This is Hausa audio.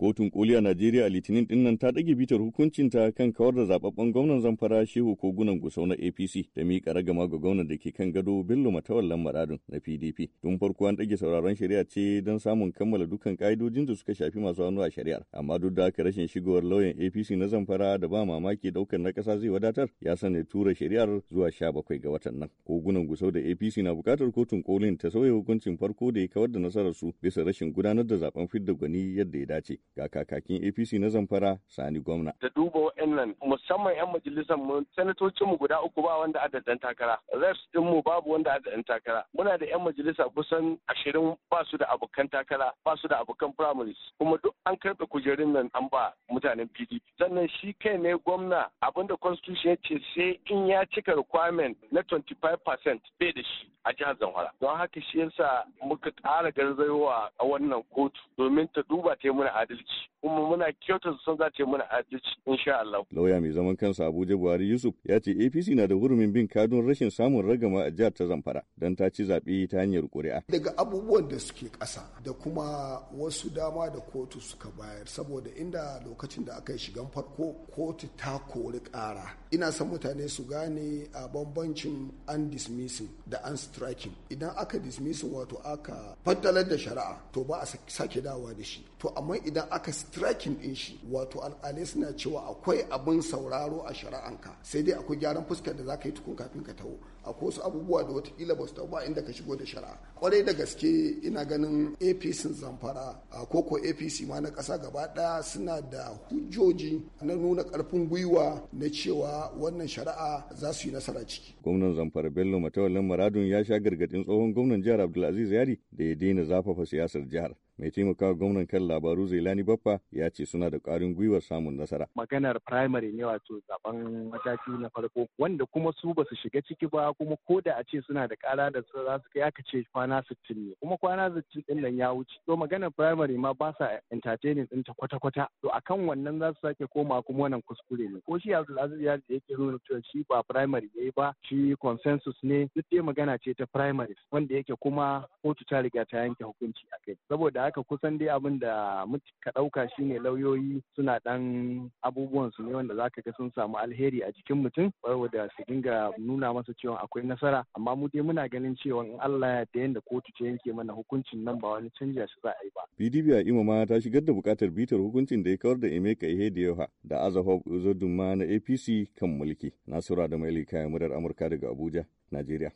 Kotun koli a Najeriya Litinin dinnan ta ɗage bitar hukuncinta kan kawar da zababben gwamnan Zamfara Shehu Kogunan Gusau na APC da miƙa ragama ga gwamnan da ke kan gado Bello Matawallan Maradun na PDP. Tun farko an ɗage sauraron shari'a ce don samun kammala dukkan ƙa'idojin da suka shafi masu hannu a shari'ar. Amma duk da haka rashin shigowar lauyan APC na Zamfara da ba mamaki ɗaukar na ƙasa zai wadatar ya sanya tura shari'ar zuwa sha bakwai ga watan nan. Kogunan Gusau da APC na buƙatar kotun kolin ta sauya hukuncin farko da ya kawar da nasararsu bisa rashin gudanar da zaben fidda gwani yadda ya dace. ga kakakin APC na Zamfara Sani Gwamna. Da duba wa'annan musamman 'yan majalisar mu sanatocin mu guda uku ba wanda dan takara. Reps din mu babu wanda dan takara. Muna da 'yan majalisa kusan ashirin ba su da abokan takara ba su da abokan primaries kuma duk an karɓe kujerun nan an ba mutanen PDP. Sannan shi kai ne gwamna abinda constitution ya ce sai in ya cika requirement na 25% bai da shi a jihar Zamfara. Don haka shi yasa muka ƙara garzayowa a wannan kotu domin ta duba ta yi mana adalci. adalci kuma muna kyautar sun za ta muna adalci insha Allah. Lauya mai zaman kansa Abuja Buhari Yusuf ya ce APC na da hurumin bin kadun rashin samun ragama a jihar ta Zamfara don ta ci zaɓe ta hanyar ƙuri'a. Daga abubuwan da suke ƙasa da kuma wasu dama da kotu suka bayar saboda inda lokacin da aka yi shigan farko kotu ta kori ƙara. Ina san mutane su gane a bambancin an dismissing da an striking. Idan aka dismissing wato aka fattalar da shari'a to ba a sake dawa da shi. To amma idan aka striking din shi wato alƙalai suna cewa akwai abin sauraro a ka sai dai akwai gyaran fuskar da za ka yi tukun kafin ka taho akwai wasu abubuwa da watakila ba su taɓa inda ka shigo da shari'a kwarai da gaske ina ganin apc zamfara a koko apc ma na ƙasa gaba ɗaya suna da hujjoji na nuna ƙarfin gwiwa na cewa wannan shari'a za su yi nasara ciki gwamnan zamfara bello matawalin maradun ya sha gargadin tsohon gwamnan jihar abdulaziz yari da ya daina zafafa siyasar jihar mai taimakawa gwamnan kan labaru zailani baffa ya ce suna da ƙwarin gwiwar samun nasara maganar firamare ne wato zaben mataki na farko wanda kuma su basu shiga ciki ba kuma ko da a ce suna da ƙara da su za su kai aka ce kwana sittin ne kuma kwana sittin din nan ya wuce to maganar firamare ma ba sa entertaining din ta kwata-kwata to akan wannan za su sake koma kuma wannan kuskure ne ko shi Abdulaziz ya yake nuna cewa shi ba firamare ne ba shi consensus ne duk dai magana ce ta primaries wanda yake kuma kotu ta riga ta yanke hukunci a kai saboda haka kusan dai abin da muka ɗauka shine lauyoyi suna ɗan abubuwan su ne wanda zaka ga sun samu alheri a jikin mutum saboda su dinga nuna masa cewa akwai nasara amma mu dai muna ganin cewa in Allah ya da yanda kotu ce yanke mana hukuncin nan ba wani canja shi za a yi ba. PDP a ma ta shigar da bukatar bitar hukuncin da ya kawar da Emeka Ihedioha da Azahob Uzodunma na APC kan mulki. Nasura da Maili kayan murar Amurka daga Abuja, Najeriya.